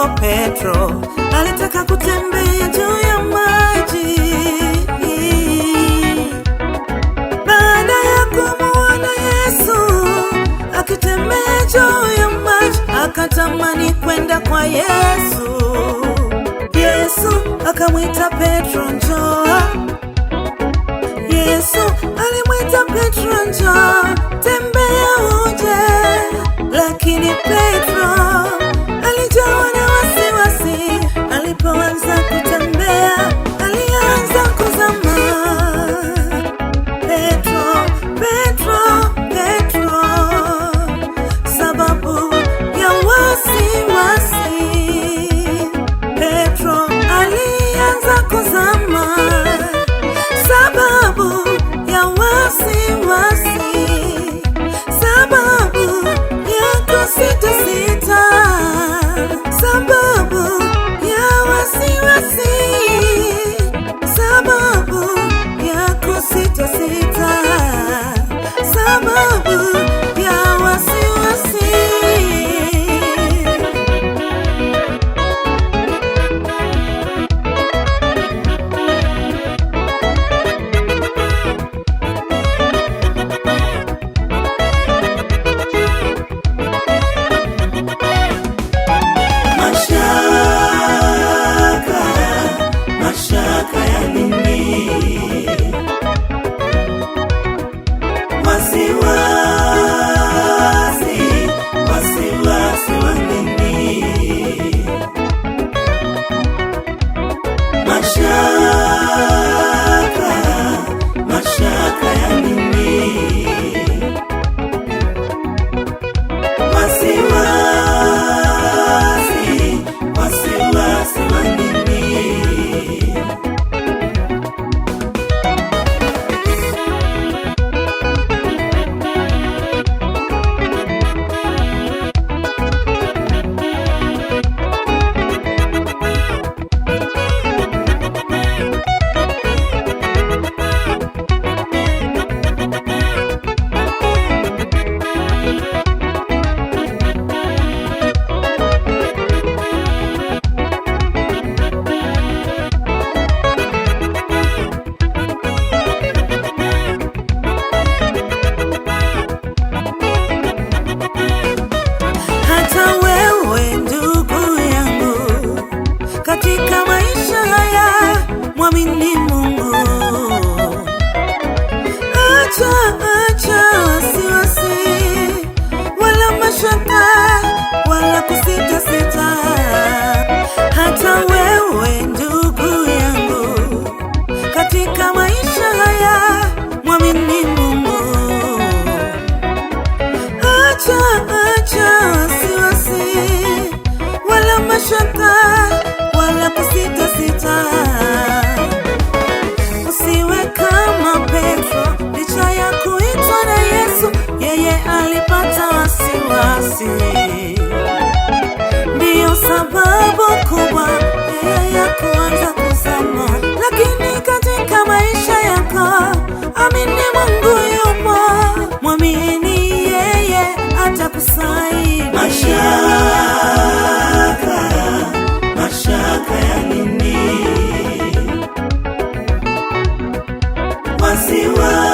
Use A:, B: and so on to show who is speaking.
A: Paulo Petro alitaka kutembea juu ya maji. Baada ya kumuona Yesu akitembea juu ya maji, akatamani kwenda kwa Yesu. Yesu akamwita Petro, njoo. Yesu alimwita Petro, njoo down. kazi ndiyo sababu kubwa ya kuanza kuzana, lakini katika maisha yako amini Mungu yupo, mwamini yeye atakusaidia.
B: Mashaka, mashaka